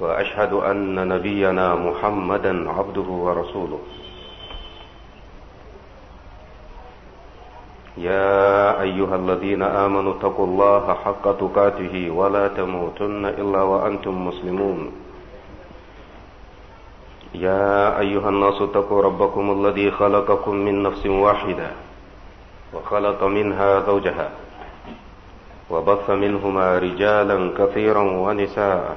واشهد ان نبينا محمدا عبده ورسوله يا ايها الذين امنوا اتقوا الله حق تقاته ولا تموتن الا وانتم مسلمون يا ايها الناس اتقوا ربكم الذي خلقكم من نفس واحده وخلق منها زوجها وبث منهما رجالا كثيرا ونساء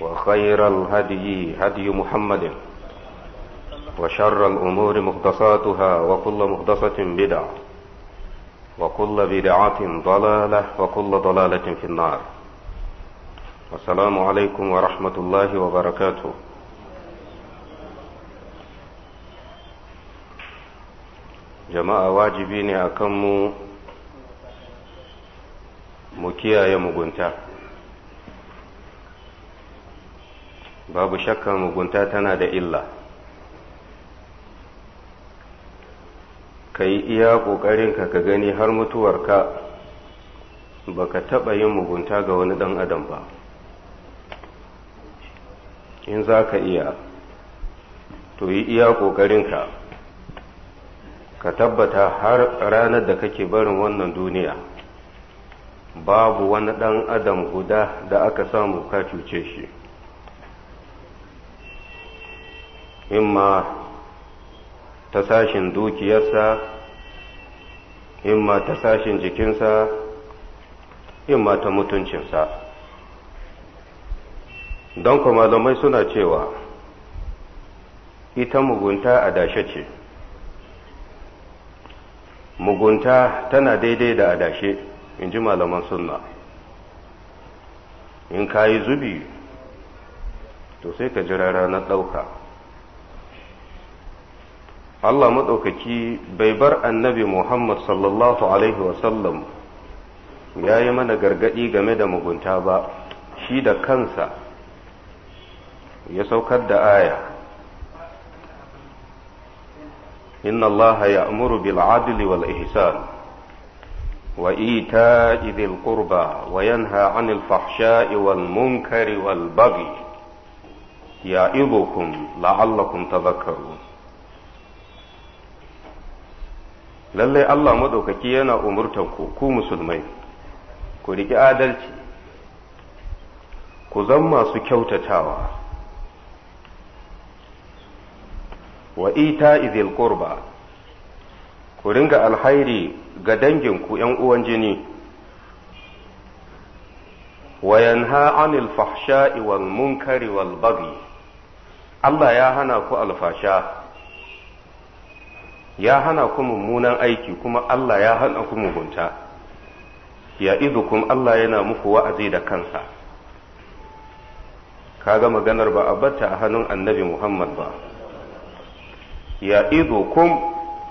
وخير الهدي هدي محمد وشر الأمور مهدساتها وكل مهدسة بدعة وكل بدعة ضلالة وكل ضلالة في النار والسلام عليكم ورحمة الله وبركاته جماعة واجبين أكم مكيا يا mu babu shakka mugunta tana da illa ka yi iya ƙoƙarinka ka gani har mutuwarka baka taɓa yin mugunta ga wani ɗan adam ba in za ka iya to yi iya ƙoƙarinka ka tabbata har ranar da kake barin wannan duniya babu wani ɗan adam guda da aka samu ka cuce shi imma ta sashin dukiyarsa imma ta sashin jikinsa imma ta mutuncinsa don kuma malamai suna cewa ita mugunta adashe ce mugunta tana daidai da adashe in ji malaman sunna in ka yi zubi to sai ka jira ranar ɗauka Allah maɗaukaki bai bar annabi Muhammad sallallahu Alaihi wasallam ya yi mana gargaɗi game da mugunta ba, shi da kansa ya saukar da aya. Inna Allah ya amuru bil adli wal ihsan wa ita idil qurba wa yanha anil fahsha'i wal munkari wal baghi ya ibukum la'allakum tadhakkarun lallai Allah maɗaukaki yana umurtan ku ku musulmai ku riƙi adalci ku zan masu kyautatawa wa ita izil qurba ku ringa alhairi ga danginku ‘yan uwan jini wa yanha anil fahsha'i wal munkari wal baghi Allah ya hana ku alfasha ya hana ku mummunan aiki kuma Allah ya hana ku mugunta ya kuma Allah yana muku wa'azi da kansa kaga maganar ba a batta a hannun annabi Muhammad ba ya kuma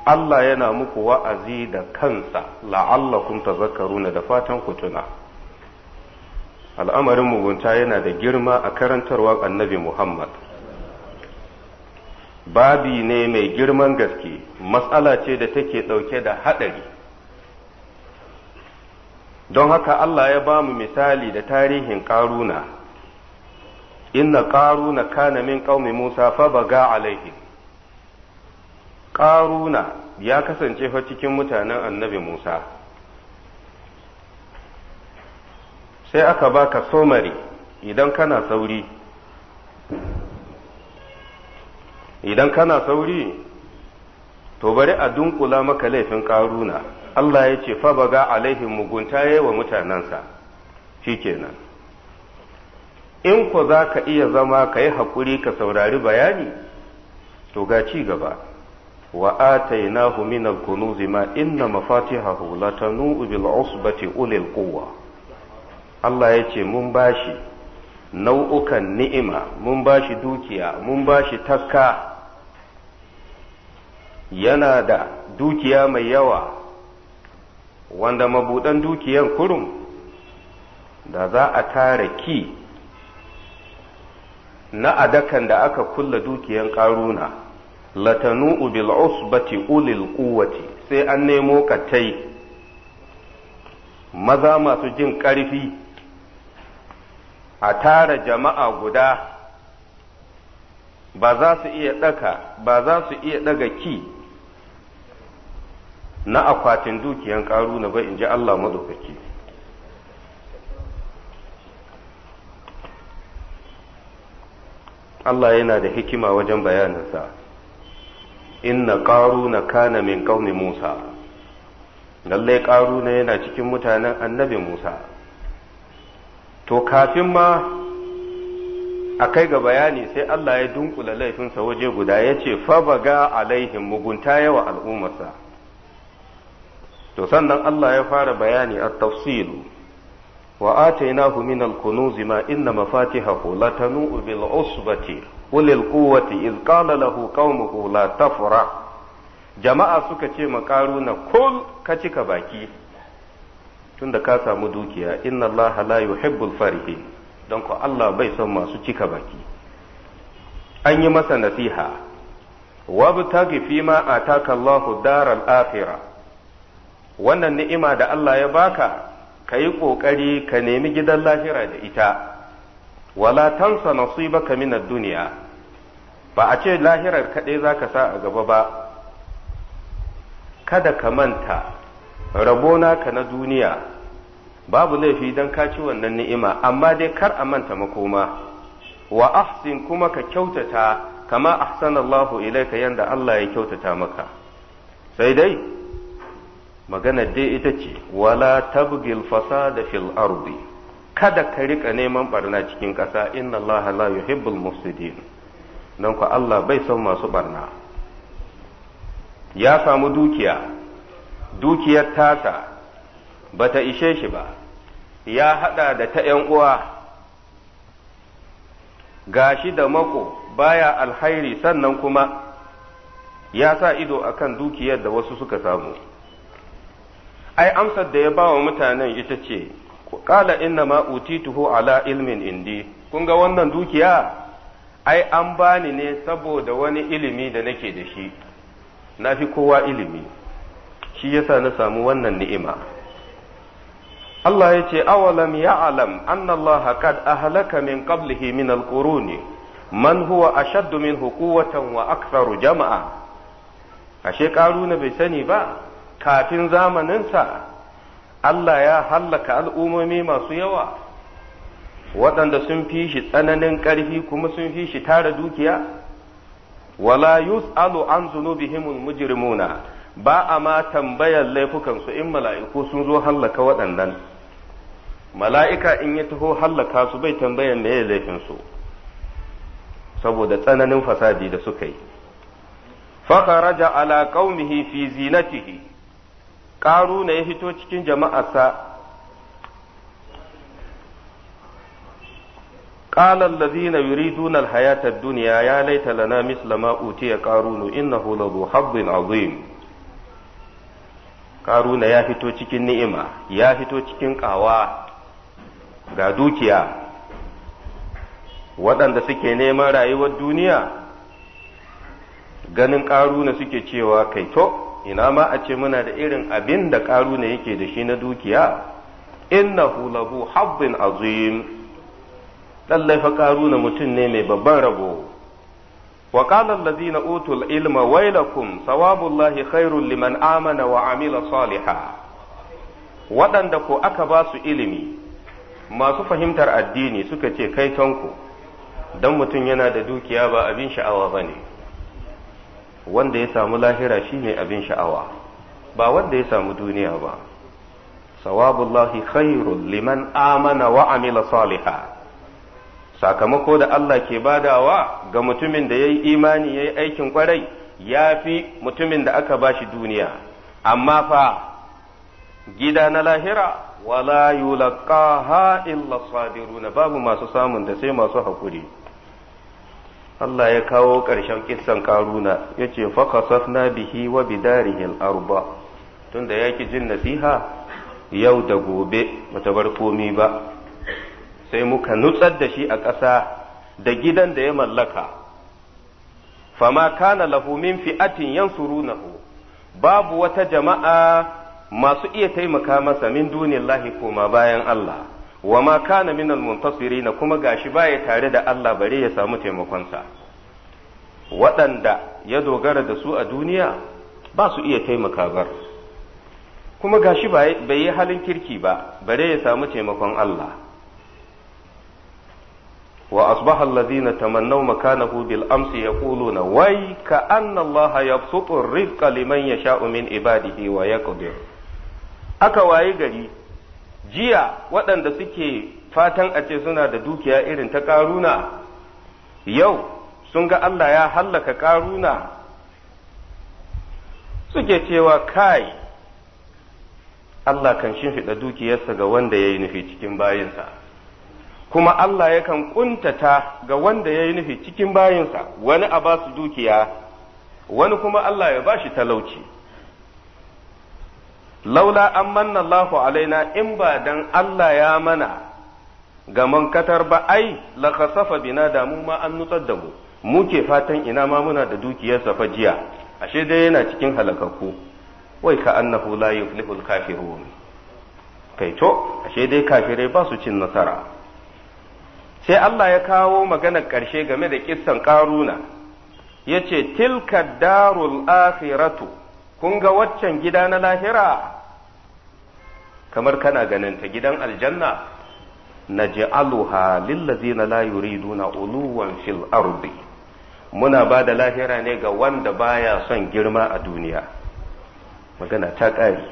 Allah yana muku wa'azi da kansa la'allakum tazakkaruna da fatan ku tuna al'amarin mugunta yana da girma a karantarwa annabi Muhammad babi ne mai girman gaske matsala ce da take ɗauke da haɗari don haka Allah ya ba mu misali da tarihin ƙaruna inna ƙaruna kana min ƙaumi Musa fa baga alaihi ƙaruna ya kasance fa cikin mutanen annabi Musa sai aka baka somari idan kana sauri idan kana sauri to bari a dunkula maka laifin karuna Allah ya ce fa baga alaihim mugunta yayi wa mutanensa shikenan in ku za ka iya zama ka yi haƙuri ka saurari bayani to ga ci gaba wa atainahu min al-kunuz ma inna mafatihahu latanu bil usbati ulil quwwa Allah ya ce mun bashi nau'ukan ni'ima mun bashi dukiya mun bashi takka yana da dukiya mai yawa wanda mabuɗan dukiyan kurum da za a tara ki na adakan da aka kulla dukiyan ƙaruna latanu bil usbati ulil quwwati sai an nemo katai. maza masu jin ƙarfi a tara jama'a guda ba za su iya ɗaga ki na akwatin dukiyan ƙaruna ba in ji Allah maɗaukaki Allah yana da hikima wajen bayaninsa inna ƙaruna kana min ƙaunin Musa lallai ƙaruna yana cikin mutanen annabi Musa to kafin ma a kai ga bayani sai Allah ya dunkula laifinsa waje guda ya ce fa baga alaihim mugunta yawa al'ummarsa to sannan Allah ya fara bayani a tafsilu wa atainahu min al-kunuzi ma inna mafatihahu latanu bil usbati ulil quwwati iz qala lahu qaumuhu la tafra jama'a suka ce makaruna kul ka cika baki tunda ka samu dukiya inna Allah la yuhibbul farihin don ko Allah bai son masu cika baki an yi masa nasiha wabtaghi fima ataka Allahu daral akhirah wannan ni'ima da Allah ya baka ka yi ƙoƙari ka nemi gidan lahira da ita wala tansa nasibaka min duniya ba a ce lahirar kaɗai za ka sa a gaba ba kada ka manta rabona ka na duniya babu laifi don ka ci wannan ni'ima amma dai kar a manta makoma wa ahsin kuma ka kyautata kama ahsanallahu ilaika yanda Allah ya kyautata maka sai dai maganar dai ita ce wala tabgil fasada fil ardi kada ka riƙa neman barna cikin ƙasa inna Allah la yuhibbul mufsidin don ku Allah bai son masu barna ya samu dukiya dukiyar tasa bata ishe shi ba ya haɗa da ta ‘yan uwa gashi da mako baya alhairi sannan kuma ya sa ido akan dukiyar da wasu suka samu ai amsar da ya ba wa mutanen ita ce qala inna ma utituhu ala ilmin indi kun ga wannan dukiya ai an bani ne saboda wani ilimi da nake da shi na fi kowa ilimi shi yasa na samu wannan ni'ima Allah ya ce awalam ya'lam anna Allah qad ahlaka min qablihi min alquruni man huwa ashaddu minhu quwwatan wa aktharu jama'a ashe karuna bai sani ba kafin zamaninsa Allah ya hallaka al'ummomi masu yawa waɗanda sun fi shi tsananin ƙarfi kuma sun fi shi tara dukiya wala yus'alu an zunubihimul mujrimuna ba a ma tambayar laifukansu in mala'iku sun zo hallaka waɗannan mala'ika in ya taho hallaka su bai tambayar me laifinsu saboda tsananin fasadi da suka yi ala qaumihi fi zinatihi Ƙaruna ya hito cikin jama'arsa ƙalal da zina biri dunar hayatar duniya ya laita da na misala ma'aikaci ƙaruna in na holo bo habbin ƙaruna ya hito cikin ni'ima ya hito cikin ƙawa ga dukiya waɗanda suke ne rayuwar duniya ganin ƙaruna suke cewa kai to. ina ma a ce muna da irin abin da karu ne yake da shi na dukiya Inna lahu habbin azim lallai fa karu na mutum ne mai babban rabo wa qala allazina utul ilma wailakum sawabullahi khairul liman amana wa amila saliha waɗanda ko aka ba su ilimi masu fahimtar addini suka ce kai tanko dan mutum yana da dukiya ba abin sha'awa bane wanda ya samu lahira shine abin sha'awa ba wanda ya samu duniya ba sawabullahi khairul liman amana wa amila saliha sakamako da Allah ke badawa ga mutumin da ya yi imani ya yi aikin kwarai ya fi mutumin da aka bashi duniya amma fa gida na lahira wala yulqaha illa sadiruna babu masu samun da sai masu hakuri Allah ya kawo ƙarshen kissan karuna ya ce fakasafna bihi wa bidarihil arba tunda ya ki jin nasiha yau da gobe bata bar komi ba sai muka nutsar da shi a ƙasa da gidan da ya mallaka fama kana lahu min fi'atin yansurunahu babu wata jama'a masu iya taimaka masa min lahi, koma bayan Allah wa ma kana minal muntasirina kuma gashi baya tare da Allah bare ya samu taimakonsa waɗanda ya dogara da su a duniya ba su iya taimaka bar kuma gashi bai yi halin kirki ba bare ya samu taimakon Allah wa asbaha alladhina tamannaw makanahu bil amsi yaquluna wai ka anna Allah yabsutu rizqa liman yasha'u min ibadihi wa yaqdir aka wayi gari jiya waɗanda suke fatan a ce suna da dukiya irin ta ƙaruna yau sun ga Allah ya hallaka ƙaruna suke cewa kai Allah kan shimfiɗa dukiyarsa ga wanda ya yi nufi cikin bayinsa kuma Allah yakan ƙuntata ga wanda ya yi nufi cikin bayinsa wani a ba su dukiya wani kuma Allah ya ba shi talauci laula an manna Allahu alaina in ba dan Allah ya mana ga mankatar ba ai la khasafa bina da mu ma an nutsar da mu mu ke fatan ina ma muna da dukiyar safa jiya ashe dai yana cikin halakakku wai ka annahu la al kafirun kai to ashe dai kafirai ba su cin nasara sai Allah ya kawo maganar ƙarshe game da kissan ƙaruna ya ce tilka darul akhiratu kun ga waccan gida na lahira kamar kana ganin ta gidan aljanna na ji'aluha na layuri duna uluwan fil ardi muna ba da lahira ne ga wanda baya son girma a duniya magana ta ƙari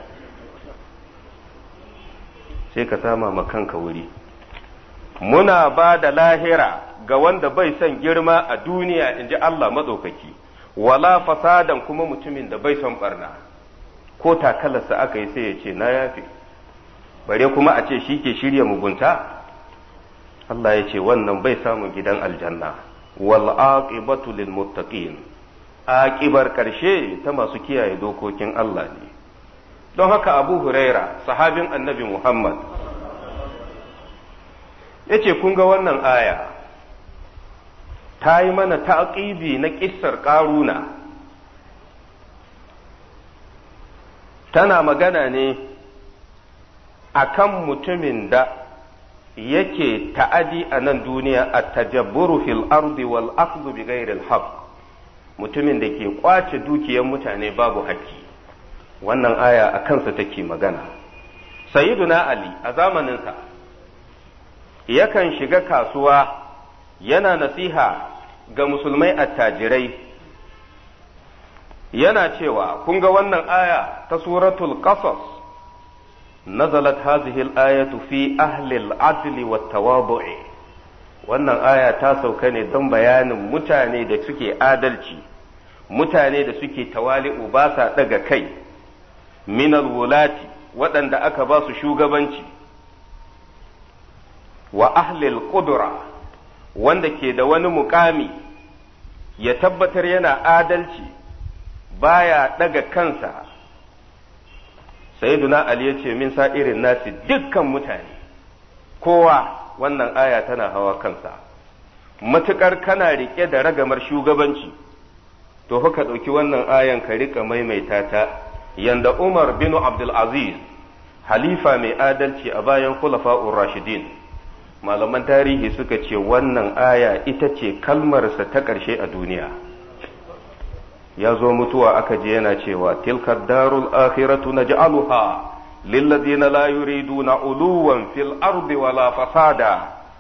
sai ka sama makan kanka wuri muna ba da lahira ga wanda bai son girma a duniya in ji Allah madaukaki. wala fasadan kuma mutumin da bai son barna ko takalarsa aka yi sai ya ce na yafe bare kuma a ce shi ke shirya mugunta Allah ya ce wannan bai samun gidan aljanna wal aqibatu lil muttaqin aqibar karshe ta masu kiyaye dokokin Allah ne don haka Abu Huraira sahabin Annabi Muhammad yace kun ga wannan aya ta yi mana taƙidi na ƙisar ƙaruna tana magana ne a kan mutumin da yake ta'adi a nan duniya a tajabburu fil ardi wal akhdhu bi al haqq mutumin da ke kwace dukiyar mutane babu haƙƙi wannan aya a kansa take magana sayyiduna ali a zamaninsa yakan shiga kasuwa yana nasiha ga musulmai attajirai yana cewa kun ga wannan aya ta suratul qasas nazalat hazihi al-ayatu fi ahli al-adli wat tawadui wannan aya ta sauka ne don bayanin mutane da suke adalci mutane da suke tawali'u ba sa daga kai minal wulati waɗanda aka ba su shugabanci wa ahlil qudra wanda ke da wani mukami ya tabbatar yana adalci baya daga kansa sayyiduna ali ya ce min sa'irin nasi dukkan mutane kowa wannan aya tana hawa kansa matukar kana rike da ragamar shugabanci to ka ɗauki wannan ayan ka rika maimaita ta yanda umar bin abdulaziz halifa mai adalci a bayan khulafa'ur rashidin malaman tarihi suka ce wannan aya ita ce kalmarsa ta ƙarshe a duniya ya zo mutuwa aka je yana cewa tilkar darul akhiratu na lillazina la yuriduna uluwan fil ardi wala fasada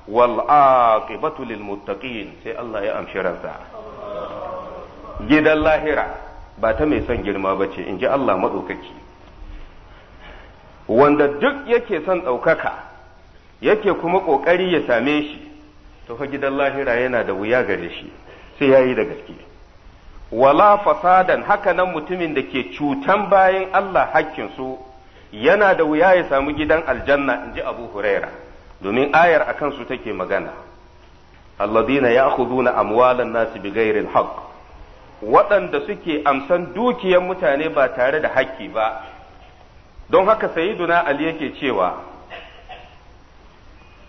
wal aqibatu lil muttaqin sai Allah ya amshi ransa gidan lahira ba ta mai son girma bace ji Allah madaukaki wanda duk yake son ɗaukaka yake kuma ƙoƙari ya same shi to fa gidan lahira yana da wuya gare shi sai ya yi da gaske wala fasadan haka nan mutumin da ke cutan bayan Allah hakkinsu yana da wuya ya samu gidan aljanna in ji abu huraira domin ayar a kansu take magana alladina ya na amwalan nasu bi ghairil waɗanda suke amsan dukiyan mutane ba tare da hakki ba don haka sayyiduna ali yake cewa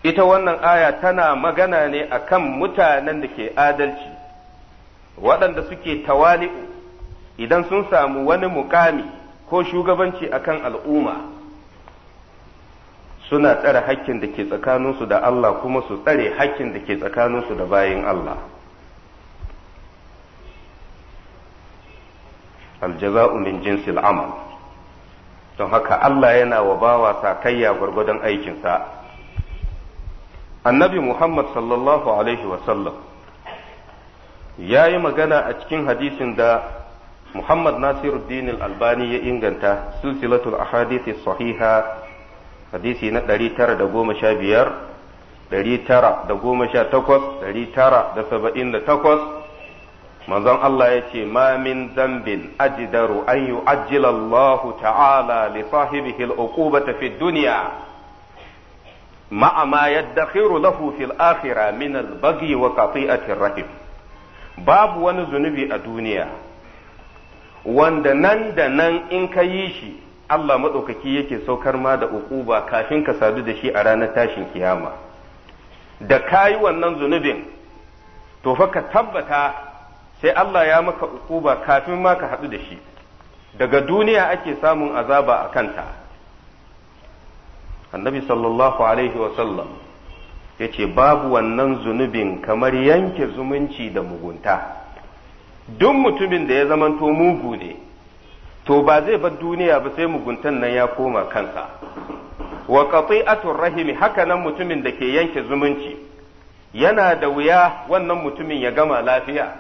ita wannan aya tana magana ne akan mutanen da ke adalci waɗanda suke tawali'u idan sun samu wani mukami ko shugabanci akan al'umma suna tsare hakkin da ke tsakaninsu da Allah kuma su tsare hakkin da ke tsakaninsu da bayin Allah aljaza'u min jinsil amal don haka Allah yana wa bawa sakayya gwargwadon aikinsa annabi Muhammad sallallahu Alaihi wasallam ya yi magana a cikin hadisin da Muhammad Nasiruddin al-Albani ya inganta silsilatul ahadithi sahiha hadisi na 915 918 manzon Allah ya ce mamin min zambin ajidaru an yu'ajjila Allah ta'ala li sahibihi al-uqubata fi dunya ma'a ma يدخر له في akhirah min البغي baghi الرحم باب rahim babu wani zunubi a duniya wanda nan da nan in ka yi shi Allah maɗaukaki yake saukar ma da uquba kafin ka sadu da shi a ranar tashin kiyama da kayi wannan zunubin to fa ka tabbata sai Allah ya maka uquba kafin ma ka haɗu da shi daga duniya ake samun azaba a kanta annabi sallallahu alaihi wasallam ya ce babu wannan zunubin kamar yanke zumunci da mugunta duk mutumin da ya zamanto mugu ne to ba zai bar duniya ba sai muguntan nan ya koma kansa wa qati'atur rahimi haka nan mutumin da ke yanke zumunci yana da wuya wannan mutumin ya gama lafiya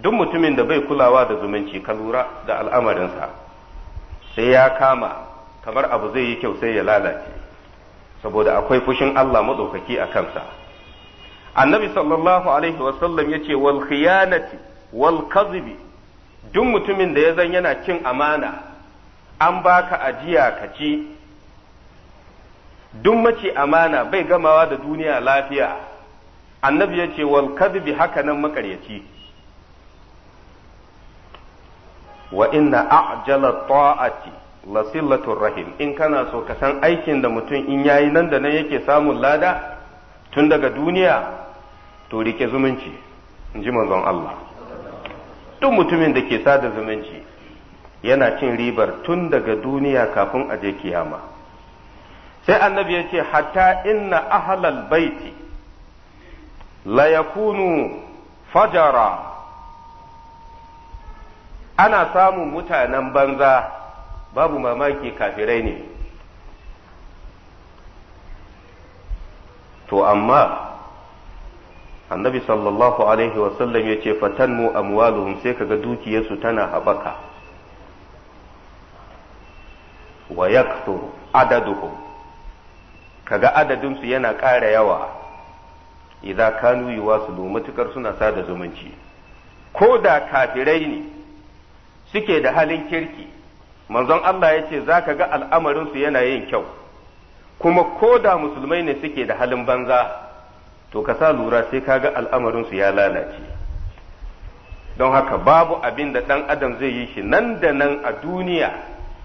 duk mutumin da bai kulawa da zumunci ka lura da al'amarinsa sai ya kama kamar abu zai yi kyau sai ya lalace saboda akwai fushin Allah maɗaukaki a kansa annabi sallallahu alaihi wasallam ya ce wal khiyanati wal kazibi duk mutumin da ya zan yana cin amana an baka ajiya ka ci duk mace amana bai gamawa da duniya lafiya annabi ya ce wal kadhibi nan makaryaci wa inna a'jala ta'ati lasillatul rahim in kana so ka san aikin da mutum in yayi nan da nan yake samun lada tun daga duniya to rike zumunci in ji manzon Allah duk mutumin da ke sada zumunci yana cin ribar tun daga duniya kafin a je kiyama sai annabi ya ce hatta inna ahlal baiti la yakunu fajara ana samun mutanen banza babu mamaki kafirai ne to amma annabi sallallahu alaihi wasallam ya ce fatannu amwaluhum sai kaga dukiyarsu tana haɓaka wa yakthuru adaduhum kaga adadinsu yana ƙara yawa idza kanu yuwasilu matukar suna sada zumunci ko da kafirai ne suke da halin kirki manzon Allah ya ce za ka ga al'amarinsu yana yin kyau kuma ko da musulmai ne suke da halin banza to ka sa lura sai ka ga al'amarinsu ya lalace don haka babu abin da ɗan adam zai yi shi nan da nan a duniya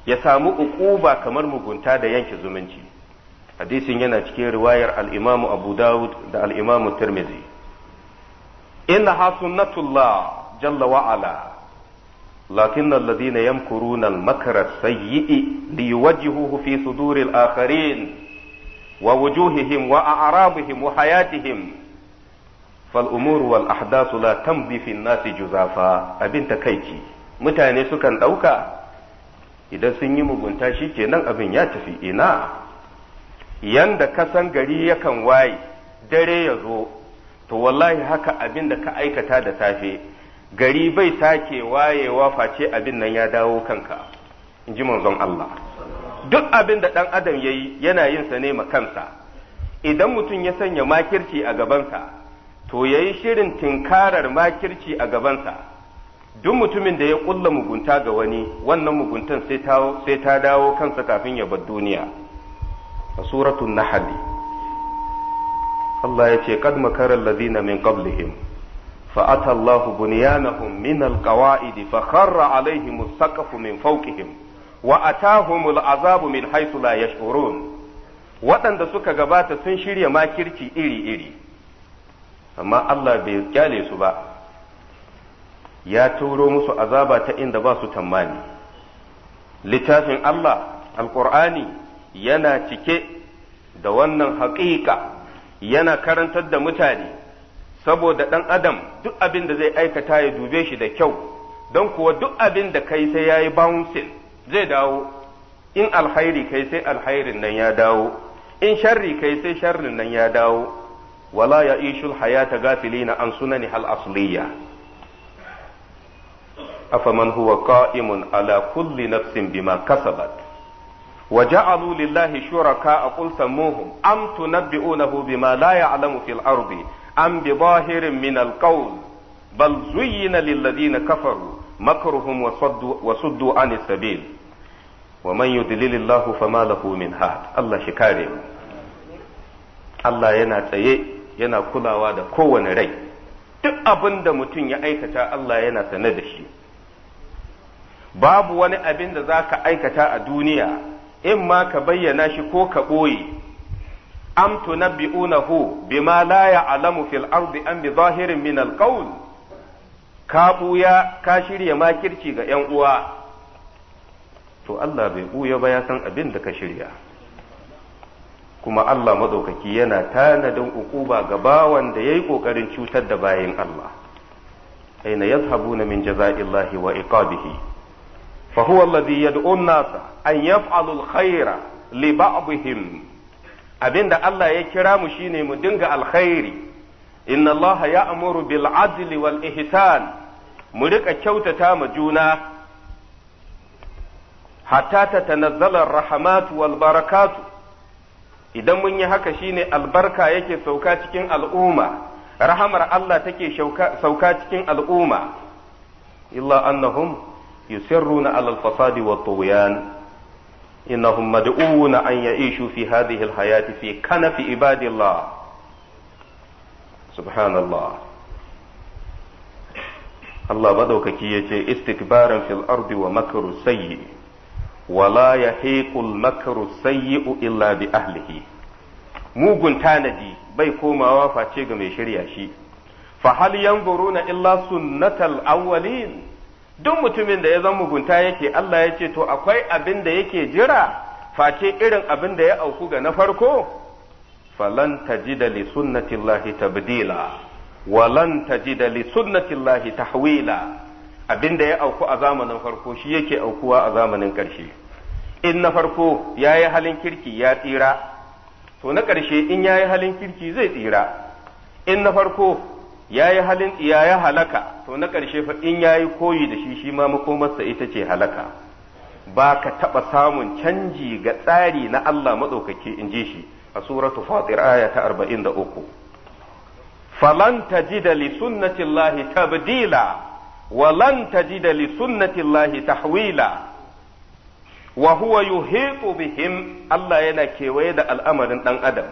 ya samu uquba kamar mugunta da yanke zumunci hadisin yana cikin riwayar al'imamu abu dawud da al'imamu tirmidhi inna ha sunnatullah jalla wa'ala لكن الذين يمكرون المكر السيء ليوجهوه في صدور الآخرين ووجوههم وأعرابهم وحياتهم فالأمور والأحداث لا تمضي في الناس جزافا أبن تكيكي mutane sukan ɗauka idan sun yi mugunta shi kenan abin ya tafi ina yanda kasan gari yakan waye dare ya zo to wallahi haka abin da ka aikata da safe gari bai sake wayewa face abin nan ya dawo kanka in ji manzon Allah duk abin da ɗan adam ya yi yana yin sa ne ma kansa idan mutum ya sanya makirci a gabansa to yayi shirin tinkarar makirci a gabansa duk mutumin da ya ƙulla mugunta ga wani wannan muguntan sai ta dawo kansa kafin ya bar duniya a suratun nahali Allah ya ce kad makarar lazina min qablihim فأتى الله بنيانهم من القواعد فخر عليهم السقف من فوقهم وأتاهم العذاب من حيث لا يشعرون waɗanda suka gabata sun shirya makirci iri-iri amma Allah bai kyale su ba ya turo musu azaba ta inda ba su tammani littafin Allah alƙur'ani yana cike da wannan haƙiƙa yana karantar da mutane saboda ɗan adam duk abin da zai aikata ya dube shi da kyau don kuwa duk abin da kai sai ya yi bouncing zai dawo in alhairi kai sai alhairin nan ya dawo in sharri kai sai sharrin nan ya dawo wala ya ishul hayata gafilina an sunani hal asliya afaman huwa qa'imun ala kulli nafsin bima kasabat وجعلوا لله شركاء قل سموهم أم تنبئونه بما لا يعلم في الأرض An bi zahirin min alqawl bal zuyyina lil ladina kafaru makruhum wa saddu an sabil wa man yudlil Allah fama lahu min had Allah shi kare mu Allah yana tsaye yana kulawa da kowane rai duk abin da mutum ya aikata Allah yana sane da shi babu wani abin da za ka aikata a duniya in ma ka bayyana shi ko ka ɓoye am tunabbi'unahu bima la ya'lamu fil ardi am bi zahirin min al qawl ka buya ka shirya makirci ga yan uwa to Allah bai buya ba ya san abin da ka shirya kuma Allah madaukaki yana tanadin ukuba ga bawan da yayi kokarin cutar da bayin Allah aina yadhhabuna min jaza'illahi wa iqabihi fa huwa alladhi yad'u nasa an yaf'alu al-khayra li ba'dihim Abin da Allah ya kira mu shine mu dinga alkhairi inna Allah ya'muru bil adli wal ihsan mu rika kyautata ma juna Hata ta tanazzala rahmatu wal barakatu idan mun yi haka shine albarka yake sauka cikin al'umma rahamar Allah take sauka cikin al'umma illa annahum yusirruna alal fasadi wat tughyan إنهم مدعون أن يعيشوا في هذه fi في hayati عباد الله سبحان الله Allah maɗaukaki ya ce istikbaran fil ardi wa makaru sayyi wala ya haikul makaru sayyi illa bi ahlihi mugun tanadi bai komawa face ga mai shirya shi fa hal yanzuruna illa sunnatal awwalin duk mutumin da ya zan mugunta yake Allah ya ce to akwai abin da yake jira face irin abin da ya auku ga na farko falan tajida li sunnatillahi tabdila walan tajida li sunnatillahi tahwila abin da ya auku a zamanin farko shi yake aukuwa a zamanin karshe in na farko ya halin kirki ya tsira to na ƙarshe in yayi halin kirki zai tsira in na farko ya yi halin ya ya halaka to na ƙarshe fa in ya yi koyi da shi shi ma makomarsa ita ce halaka ba ka taɓa samun canji ga tsari na Allah maɗaukaki in ji shi a suratu fatir aya ta arba'in da uku falan tajida li sunnatillahi tabdila wa lan tajida li lahi tahwila wa huwa yuhiqu bihim Allah yana kewaye da al'amarin ɗan adam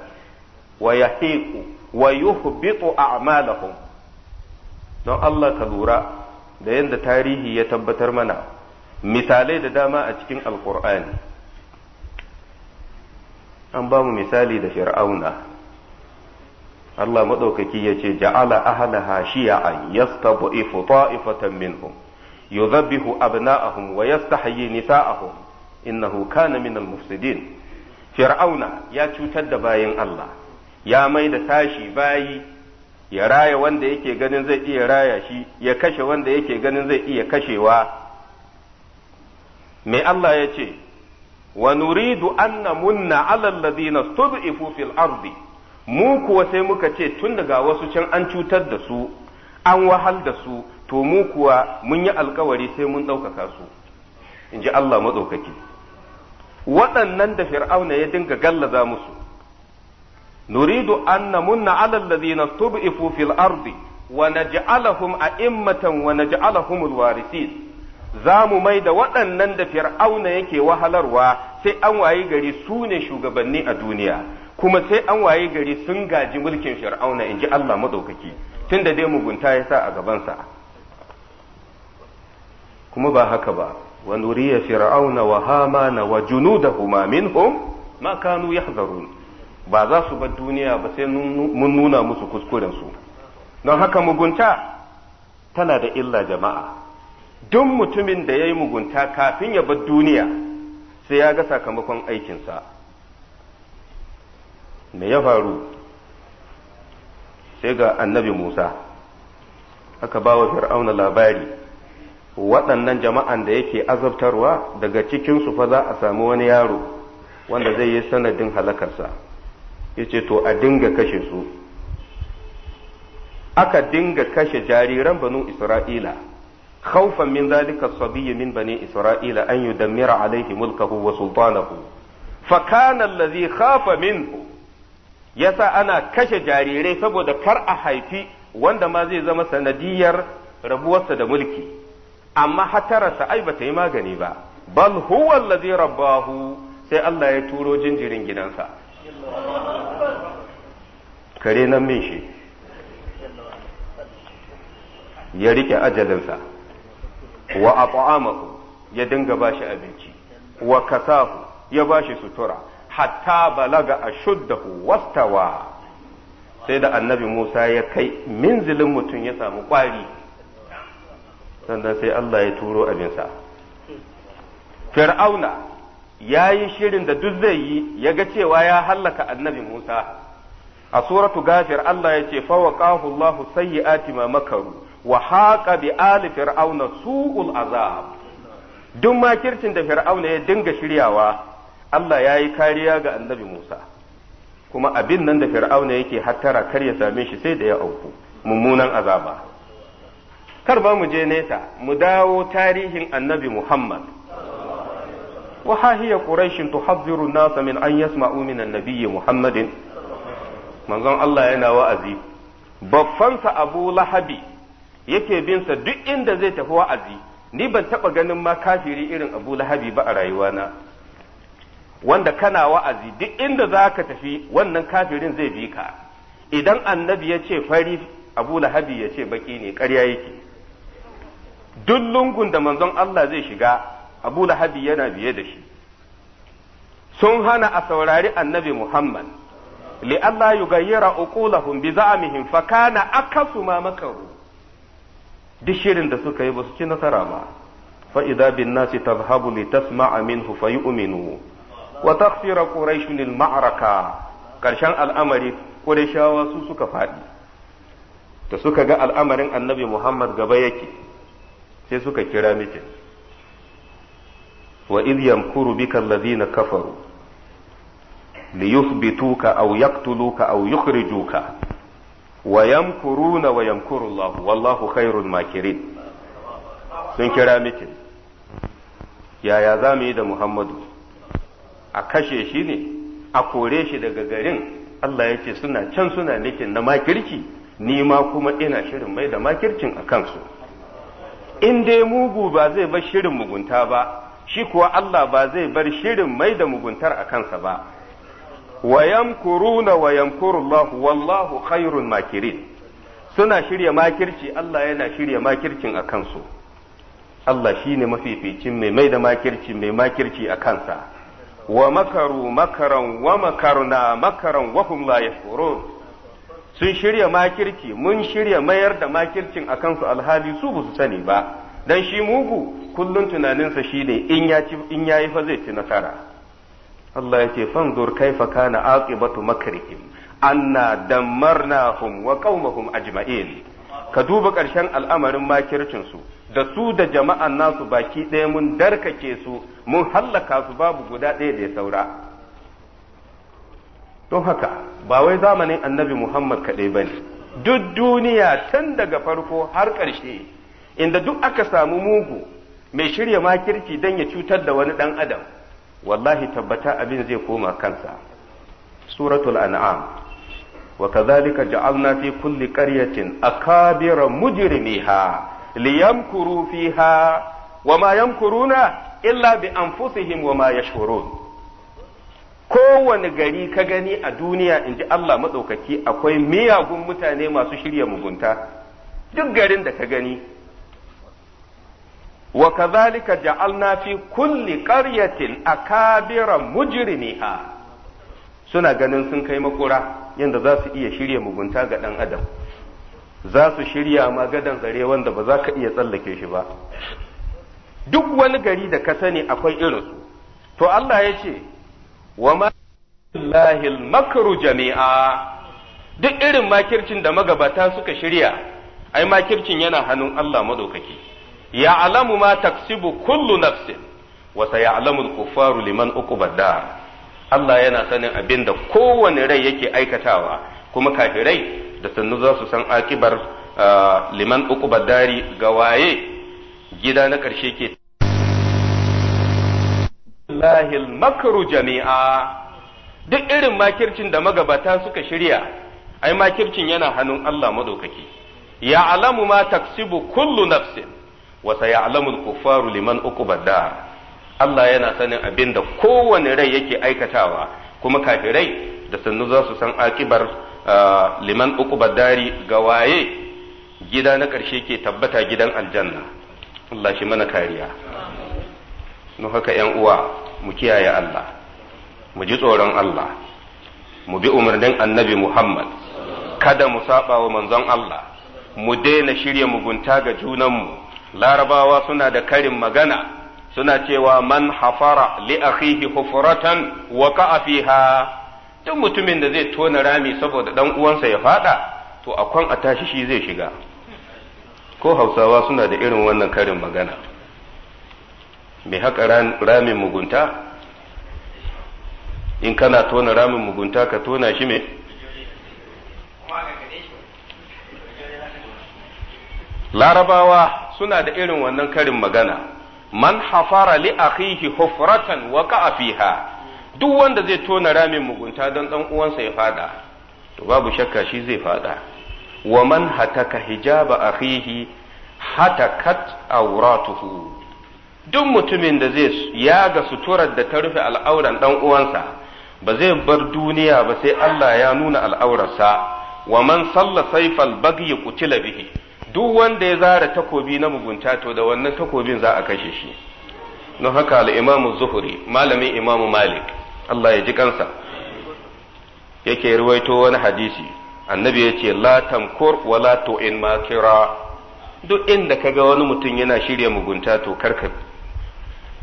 wa yahiqu wa yuhbitu a'malahum don Allah ka lura da yadda tarihi ya tabbatar mana misalai da dama a cikin alkur'ani an ba mu misali da fir'auna Allah maɗaukaki ya ce ja'ala ahlaha shi'an yastabi'u ta'ifatan minhum yudhabbihu abna'ahum wa yastahyi nisa'ahum innahu kana minal mufsidin fir'auna ya cutar da bayin Allah ya mai da tashi bayi ya raya wanda yake ganin zai iya raya shi ya kashe wanda yake ganin zai iya kashewa me Allah ya ce wa nuridu an namunna alal ladina stud'ifu fil ardi mu kuwa sai muka ce tun daga wasu can an cutar da su an wahal da su to mu kuwa mun yi alkawari sai mun ɗaukaka su in ji Allah maɗaukaki waɗannan da fir'auna ya dinga gallaza musu nuridu an namunna alal ladina tub'ifu fil ardi wa naj'alahum a'immatan wa za mu mai da waɗannan da fir'auna yake wahalarwa sai an wayi gari su ne shugabanni a duniya kuma sai an wayi gari sun gaji mulkin fir'auna in ji Allah maɗaukaki tunda dai mugunta ya sa a gabansa kuma ba haka ba wa nuriya fir'auna wa na wa junudahuma minhum ma kanu yahzarun ba za su bar duniya ba sai mun nuna musu kuskurensu don haka mugunta tana da illa jama'a duk mutumin da ya yi mugunta kafin ya bar duniya sai ya ga sakamakon aikinsa me ya faru sai ga annabi musa aka ba wa fir'auna labari waɗannan jama'an da yake azabtarwa daga cikinsu fa za a sami wani yaro wanda zai yi sanadin halakarsa ya ce to a dinga kashe su aka dinga kashe jariran banu isra'ila khawfan min zalika sabiyyi min bani isra'ila an yudammira alaihi mulkahu wa sultanahu fa kana allazi khafa minhu yasa ana kashe jarirai saboda kar a haifi wanda ma zai zama sanadiyar rabuwarsa da mulki amma hatararsa ai bata yi magani ba bal huwa allazi rabbahu sai Allah ya turo jinjirin gidansa kare nan min shi ya rike ajalinsa wa at'amahu ya dinga bashi abinci wa kasahu ya bashi sutura hatta balaga ashuddahu wastawa sai da annabi Musa ya kai minzilin mutum ya samu kwari sannan sai Allah ya turo abinsa fir'auna ya yi shirin da duk zai yi ya ga cewa ya hallaka annabi Musa a suratu gafir Allah ya ce fawaqahu Allah sayyi'ati ma makaru wa haqa bi ali fir'auna su'ul azab duk makircin da fir'auna ya dinga shiryawa Allah ya yi kariya ga annabi Musa kuma abin nan da fir'auna yake hattara kar ya same shi sai da ya auku mummunan azaba kar ba mu je nesa mu dawo tarihin annabi Muhammad وها هي قريش nasa min من أن يسمعوا من nabiyyi Muhammadin. manzon Allah yana wa'azi baffansa abu lahabi yake binsa duk inda zai tafi wa'azi ni ban taɓa ganin ma kafiri irin abu lahabi ba a rayuwana wanda kana wa'azi duk inda za ka tafi wannan kafirin zai bi ka idan annabi ya ce fari abu lahabi ya ce baki ne ƙarya yake duk lungun da manzon Allah zai shiga abu lahabi yana biye da shi sun hana a saurari annabi muhammad li Allah yugayyira uqulahum bi za'amihim fa kana akasu ma duk shirin da suka yi ba su ci nasara ba fa idza bin nasi tadhhabu li tasma'a minhu fa wa takhsira quraish lil ma'raka karshen al'amari qurayshawa su suka fadi da suka ga al'amarin annabi Muhammad gaba yake sai suka kira miki. wa idh yamkuru bika alladhina kafaru li yuthbituka aw yaqtuluka aw yukhrijuka wa yamkuruna wa yamkuru Allah wallahu khairul makirin sun kira mitin yaya za mu yi da Muhammadu a kashe shi ne a kore shi daga garin Allah ya ce suna can suna nikin na makirci ni ma kuma ina shirin mai da makircin a kansu in dai mugu ba zai bar shirin mugunta ba shi kuwa Allah ba zai bar shirin mai da muguntar a kansa ba wa yamkuruna wa yamkurullahu wallahu khairul makirin suna shirya makirci Allah yana shirya makircin a kansu Allah shine mafificin mai mai da makirci mai makirci a kansa wa makaru makaran wa makarna makaran wa hum la yashurun sun shirya makirci mun shirya mayar da makircin a kansu alhali su ba su sani ba dan shi mugu kullun tunaninsa shine in ya ci in yayi fa zai ci nasara Allah ya ce fanzur kaifa kana aqibatu damar na dammarnahum wa a ajma'in ka duba ƙarshen al'amarin makircin da su da jama'an nasu baki ɗaya mun darkake su mun hallaka su babu guda ɗaya da ya saura don haka ba wai zamanin annabi Muhammad kaɗai ba ne duk duniya tun daga farko har ƙarshe inda duk aka samu mugu mai shirya makirci don ya cutar da wani ɗan adam wallahi tabbata abin zai koma kansa suratul an'am wa kadhalika ja'alna fi kulli qaryatin akabira mujrimiha liyamkuru fiha wa ma yamkuruna illa bi anfusihim wa ma yashurun kowane gari ka gani a duniya in ji Allah maɗaukaki akwai miyagun mutane masu shirya mugunta duk garin da ka gani wa kazalika ja'alna fi kulli qaryatin akabira mujrimiha suna ganin sun kai makura yanda za su iya shirya mugunta ga dan adam za su shirya ma gadan tsare wanda ba za ka iya tsallake shi ba duk wani gari da ka sani akwai su, to Allah ya ce wa ma lahil makru jami'a duk irin makircin da magabata suka shirya ai makircin yana hannun Allah madaukaki ya'lamu ma taksibu kullu nafsin wa sayalamu al-kuffaru liman uqibad dar Allah yana sanin abinda da kowane rai yake aikatawa kuma kafirai da sannu za su san akibar liman uqibad dari ga waye gida na karshe ke lahil makru jami'a duk irin makircin da magabata suka shirya ai makircin yana hannun Allah Ya alamu ma taksibu kullu nafsin wa sayalamul kuffaru liman uqubad dar Allah yana sanin abin da kowane rai yake aikatawa kuma kafirai da sannu za su san akibar ah, liman uqubad dari ga waye gida na ƙarshe ke tabbata gidan aljanna Allah shi mana kariya no haka yan uwa mu kiyaye Allah mu ji tsoron Allah mu bi umarnin annabi Muhammad kada mu saba wa manzon Allah mu daina shirya mugunta ga junanmu larabawa suna da karin magana suna cewa man hafara li akhihi hufratan waqa'a duk mutumin da zai tona rami saboda dan uwansa ya fada to akwan a tashi shi zai shiga ko hausawa suna da irin wannan karin magana mai haka ramin mugunta in kana tona ramin mugunta ka tona shi mai larabawa suna da irin wannan karin magana man hafara li akhihi hufratan wa ka'a fiha duk wanda zai tona ramin mugunta don dan uwansa ya fada to babu shakka shi zai fada wa man hataka hijaba akhihi hatakat awratuhu duk mutumin da zai yaga suturar da ta rufe al'auran dan uwansa ba zai bar duniya ba sai Allah ya nuna al'aurarsa wa man salla sayfal bagyi qutila bihi duk wanda ya zara takobi na mugunta to da wannan takobin za a kashe shi don haka al'imamu zuhuri malamin imamu malik Allah ya ji kansa yake ruwaito wani hadisi annabi ya ce la tamkur wa in makira duk inda kaga wani mutum yana shirya mugunta to karka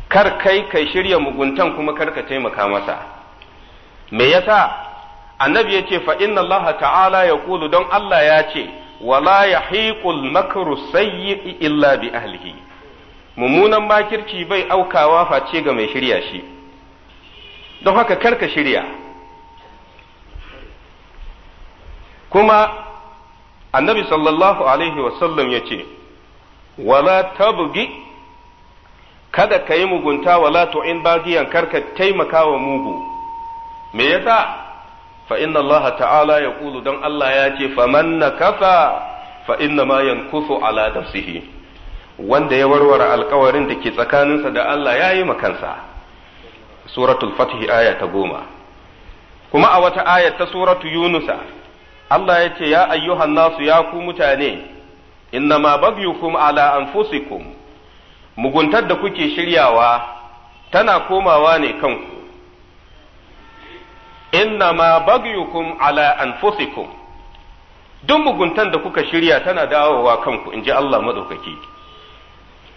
kar kai kai shirya muguntan kuma karka taimaka masa me yasa annabi ya ce fa inna Allah ta'ala ya kulu. don Allah ya ce wala yahiqul makru sayyi illa bi ahlihi mummunan makirci bai aukawa face ga mai shirya shi don haka karka shirya kuma annabi sallallahu alaihi wasallam ya ce wala tabgi kada ka yi mugunta wala tu'in bagiyan karka taimaka wa mugu me yasa fa inna Allah ta'ala ya kulu don Allah ya ce faman na kafa fa inna ma ala nafsihi wanda ya warware alkawarin da ke tsakaninsa da Allah ya yi makansa suratul fatih aya ta goma kuma a wata aya ta suratu yunusa Allah ya ce ya ayyuhan nasu ya ku mutane inna ma bagyukum ala anfusikum muguntar da kuke shiryawa tana komawa ne kanku inna ma bagyukum ala anfusikum duk muguntan da kuka shirya tana dawowa kanku in ji Allah maɗaukaki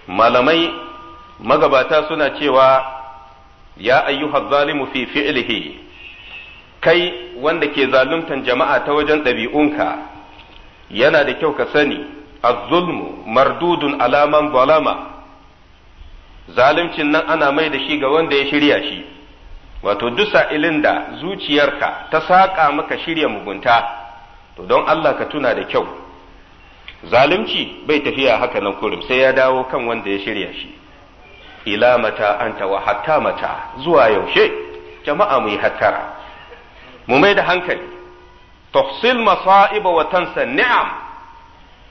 malamai magabata suna cewa ya ayyuha zalimu fi fi'lihi kai wanda ke zaluntan jama'a ta wajen ɗabi'unka yana da kyau ka sani az-zulmu mardudun alaman zalama zalimcin nan ana mai da shi ga wanda ya shirya shi wato duk sa'ilin da zuciyarka ta saƙa maka shirya mugunta to don Allah ka tuna da kyau zalunci bai tafiya haka nan kurum sai ya dawo kan wanda ya shirya shi ila mata anta wa hatta mata zuwa yaushe jama'a mu yi hattara mu mai da hankali tafsil masa'iba wa tansa ni'am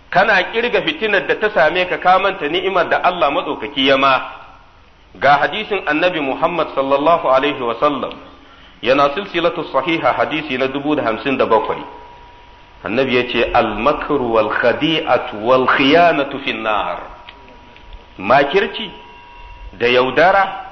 kana kirga fitinar da ta same ka ka manta ni'imar da Allah matsokaki ya ma ga hadisin annabi Muhammad sallallahu alaihi wa sallam yana silsilatu sahiha hadisi na dubu da hamsin da bakwai annabi ya ce almakar wal khadi'atu wal khiyanatu tufin nar makirci da yaudara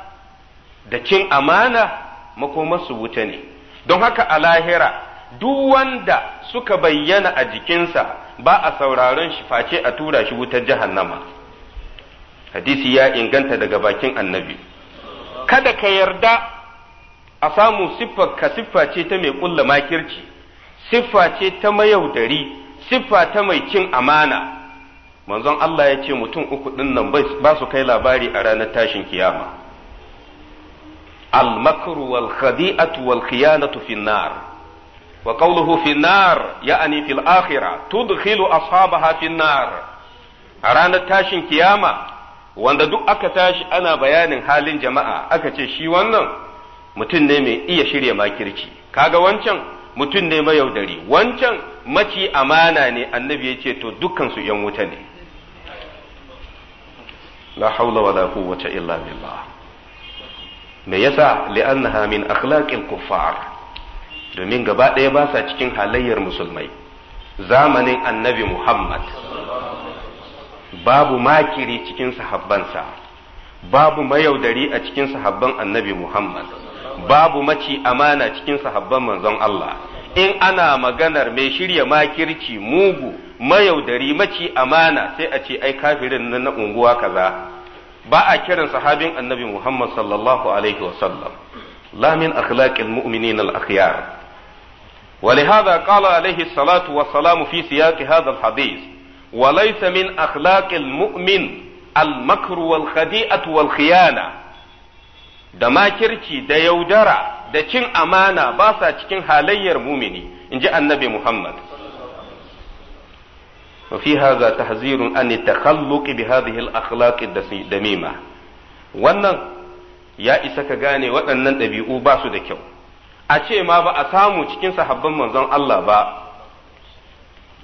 da cin amana makomarsu wuta ne don haka a lahira duk wanda suka bayyana a jikinsa ba a sauraron shi face a tura shi wutar nama. hadisi ya inganta daga bakin annabi kada ka yarda a samu siffar ka siffa ce ta mai ƙulla makirci siffa ce ta mayaudari siffa ta mai cin amana manzon Allah ya ce mutum uku ɗin nan ba su kai labari a ranar tashin kiyama al-makru wal khadi'atu wal khiyanatu fi nar wa qawluhu fi nar ya'ani fil akhirah tudkhilu ashabaha fi nar a ranar tashin kiyama wanda duk aka tashi ana bayanin halin jama'a aka ce shi wannan mutum ne mai iya shirya makirci kaga wancan mutum ne mayaudari wancan maci amana ne annabi ya ce to dukkansu ‘yan wuta ne la haula wala quwwata illa billah me yasa li'annaha min akhlaqil kuffar domin gaba ɗaya ba sa cikin halayyar musulmai zamanin annabi Muhammad babu makiri cikin sahabbansa babu mayaudari a cikin sahabban annabi Muhammad babu maci amana cikin sahabban manzon Allah in ana maganar mai shirya makirci mugu mayaudari maci amana sai a ce ai kafirin nan na unguwa kaza ba a kiran sahabin annabi Muhammad sallallahu alaihi wasallam la min akhlaqil mu'minin al akhyar ولهذا قال عليه الصلاة والسلام في سياق هذا الحديث وليس من أخلاق المؤمن المكر والخديئة والخيانة da makirci da yaudara da cin amana ba sa cikin halayyar mumini in ji annabi Muhammad. وفي هذا تحذير عن التخلق بهذه الأخلاق الدميمة wannan ya isa ka gane waɗannan ɗabi'u ba su da kyau a ce ma ba a samu cikin sahabban manzon Allah ba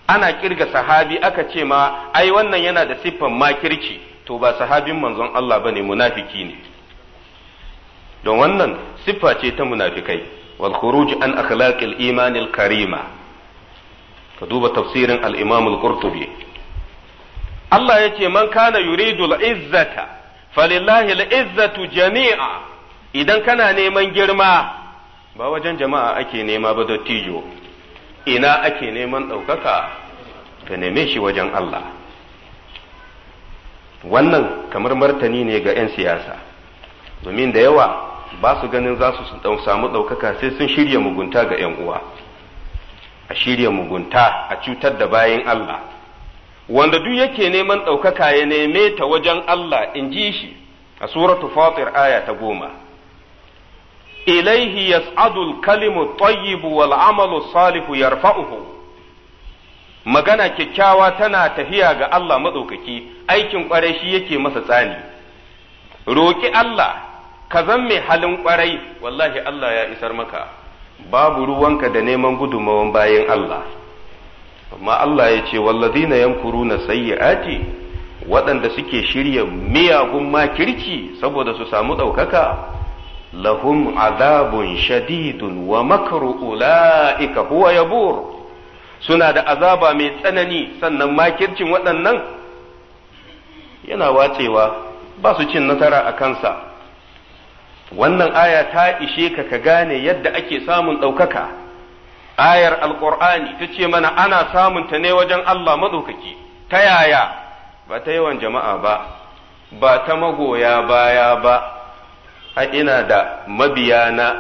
ana kirga sahabi aka ce ma ai wannan yana da siffan makirci to ba sahabin manzon Allah bane munafiki ne don wannan siffa ce ta munafikai wal khuruj an akhlaqil imanil al karima ka duba tafsirin al imam al qurtubi Allah yace man kana yuridul izzata falillahi al izzatu jami'a idan kana neman girma ba wajen jama'a ake nema ba dattijo ina ake neman ɗaukaka ka neme shi wajen Allah wannan kamar martani ne ga 'yan siyasa domin da yawa ba su ganin za su samu ɗaukaka sai sun shirya mugunta ga 'yan uwa a shirya mugunta a cutar da bayan Allah wanda duk yake neman ɗaukaka ya neme ta wajen Allah in ji shi a suratu fatir aya ta goma ilaihi yas'adu al-kalimu tayyibu wal amalu salihu yarfa'uhu magana kyakkyawa tana tafiya ga Allah madaukaki aikin kwarai shi yake masa tsani roki Allah ka zan mai halin kwarai wallahi Allah ya isar maka babu ruwanka da neman gudumawan bayan Allah amma Allah ya ce sai yamkuruna sayyi'ati waɗanda suke shirya miyagun makirci saboda su samu ɗaukaka لهم azabun shadidun wa makru هو يبور suna da azaba mai tsanani sannan makircin waɗannan yana wacewa ba su cin nasara a kansa wannan aya ta ishe ka ka gane yadda ake samun ɗaukaka ayar alƙur'ani ta ce mana ana samun ta ne wajen Allah maɗaukaki ta yaya ba ta yawan jama'a ba ba ta magoya baya ba A ina da mabiya na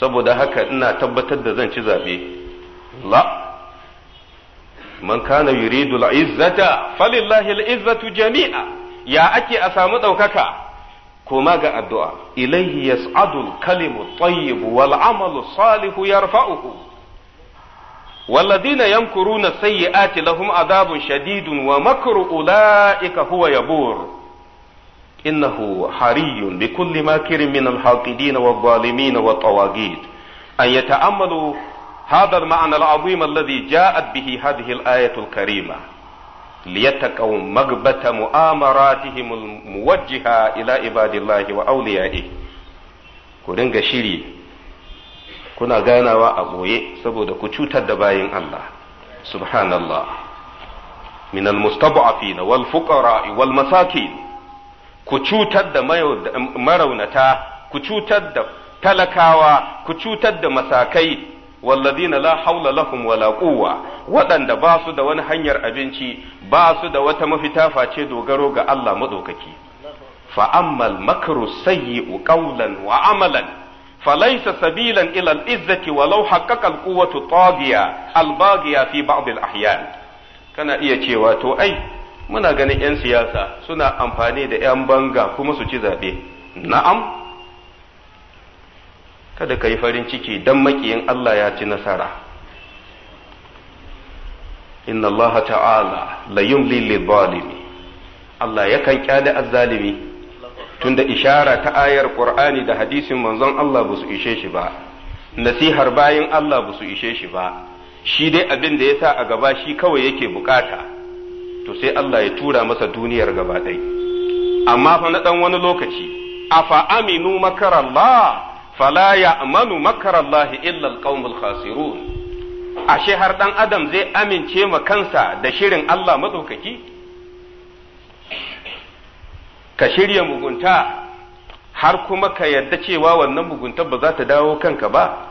saboda haka ina tabbatar da zan ci zabe la man kana yuridu al-izzata falillahi al-izzatu jami'a ya ake a samu ɗaukaka koma ga addu'a ilaihi yas'adu al-kalimu at-tayyib wal 'amalu salihu yarfa'uhu والذين يمكرون السيئات لهم عذاب شديد ومكر أولئك هو يبور إنه حري بكل ماكر من الحاقدين والظالمين والطواغيت أن يتأملوا هذا المعنى العظيم الذي جاءت به هذه الآية الكريمة ليتقوا مغبة مؤامراتهم الموجهة إلى عباد الله وأوليائه ku dinga كنا kuna وأبوي سبود كتوتا دباين الله سبحان الله من المستضعفين والفقراء والمساكين ku cutar da maraunata ku cutar da talakawa ku cutar da masakai walladina la haula lahum wala quwwa waɗanda ba su da wani hanyar abinci ba su da wata mafita face dogaro ga Allah madaukaki fa ammal makru sayyi'u qawlan wa amalan falaysa sabilan ilal al-izzati walau haqqaqa al-quwwatu taghiya al fi ba'd al kana iya cewa to ai muna ganin 'yan siyasa suna amfani da 'yan banga kuma su ci zaɓe na'am kada ka yi farin ciki don maƙiyin Allah ya ci nasara inna Allah ta'ala la yumli lil-zalimi Allah yakan kyale azzalimi tunda ishara ta ayar ƙur'ani da hadisin manzon Allah ba su ishe shi ba nasihar bayin Allah ba su ishe shi ba shi dai abin da ya sa a gaba shi kawai yake bukata to sai Allah ya tura masa duniyar gaba ɗai amma fa na ɗan wani lokaci afa aminu makarallah fala ya ya'manu makarallahi illal ƙaunar khasirun ashe har ɗan adam zai amince ma kansa da shirin Allah matsaukaki? ka shirya mugunta har kuma ka yarda cewa wannan mugunta ba za ta dawo kanka ba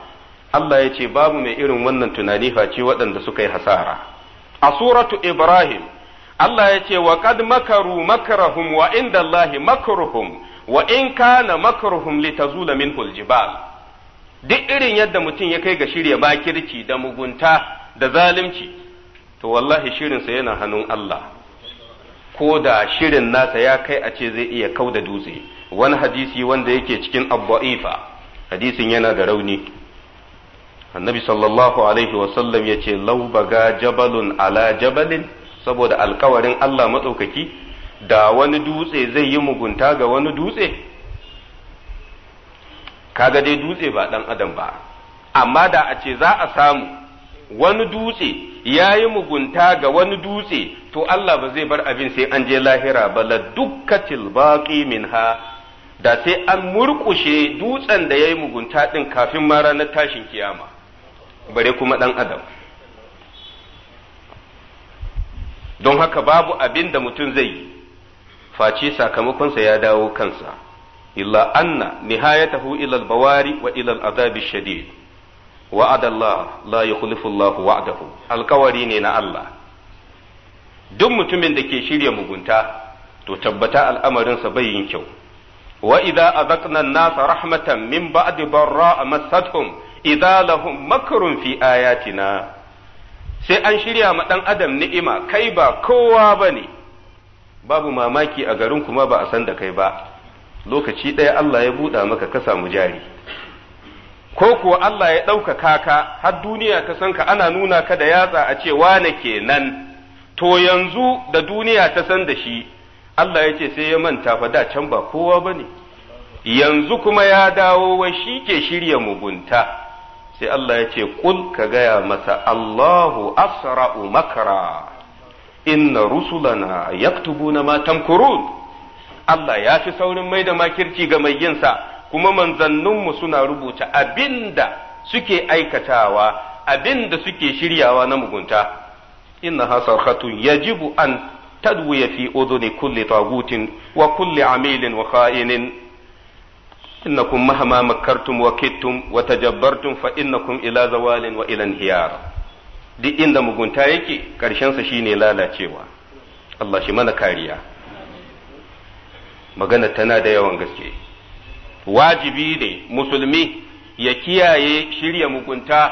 Allah ya ce babu mai irin wannan tunani face waɗanda suka yi hasara a suratu Ibrahim Allah ya ce wa kad makaru makrahum wa inda Allahi makruhum wa in kana makruhum litazula minhul jibal duk irin yadda mutum ya kai ga shirya kirki da mugunta da zalunci to wallahi shirinsa yana hannun Allah ko da shirin nasa ya kai a ce zai iya kau da dutse wani hadisi wanda yake cikin abba'ifa hadisin yana da rauni annabi sallallahu alaihi wasallam ya ce lau baga jabalun ala jabalin saboda alkawarin Allah matsaukaki da wani dutse zai yi mugunta ga wani dutse kaga dai dutse ba dan adam ba amma da a ce za a samu wani dutse ya yi mugunta ga wani dutse to Allah ba zai bar abin sai an je lahira ba la dukkatil baqi minha da sai an murkushe dutsen da ya yi mugunta din kafin ma ranar tashin kiyama bare kuma dan adam don haka babu abin da mutum zai yi face sakamakonsa ya dawo kansa illa anna nihayatahu ilal bawari wa ilal azabi shadid la yukhlifu Allah wa'dahu alkawari ne na Allah duk mutumin da ke shirya mugunta to tabbata al'amarinsa bai yin kyau wa idza azaqna an-nasa rahmatan min ba'di barra'a massatuhum idza lahum makrun fi ayatina sai an shirya ma ɗan adam ni'ima kai ba kowa ba ne babu mamaki a garin kuma ba a san da kai ba lokaci ɗaya Allah ya buɗa maka ka samu jari ko kuwa Allah ya ɗaukaka ka har duniya ta san ka ana nuna ka da yatsa a ce wane nan to yanzu da duniya ta san da shi Allah ya ce sai ya manta fa da can ba kowa ba ne yanzu kuma ya dawo wai shi ke shirya mugunta sai Allah ya ce kul ka gaya masa Allahu asra'u makara inna rusulana yaktubuna ma tamkurun Allah ya fi saurin mai da makirci ga mai yinsa kuma manzanninmu suna rubuta abinda suke aikatawa abinda suke shiryawa na mugunta inna khatun yajibu an tadwiya fi udhuni kulli tagutin wa kulli amilin wa kha'inin innakum mahama makartum wa kittum wa tajabbartum fa innakum ila zawalin wa ila hiyar duk inda mugunta yake karshen sa shine lalacewa Allah shi mana kariya magana tana da yawan gaske wajibi ne musulmi ya kiyaye shirya mugunta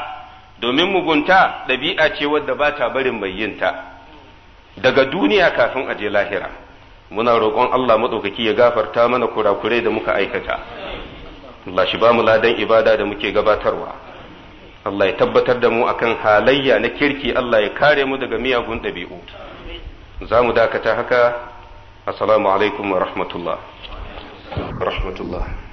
domin mugunta ɗabi'a ce wadda ba ta barin mai yinta daga duniya kafin a je lahira muna roƙon Allah maɗaukaki ya gafarta mana kurakurai da muka aikata Allah shi ba mu ladan ibada da muke gabatarwa Allah ya tabbatar da mu akan halayya na kirki Allah ya kare mu daga miyagun ɗabi'u za mu dakata haka assalamu alaikum wa rahmatullah rahmatullah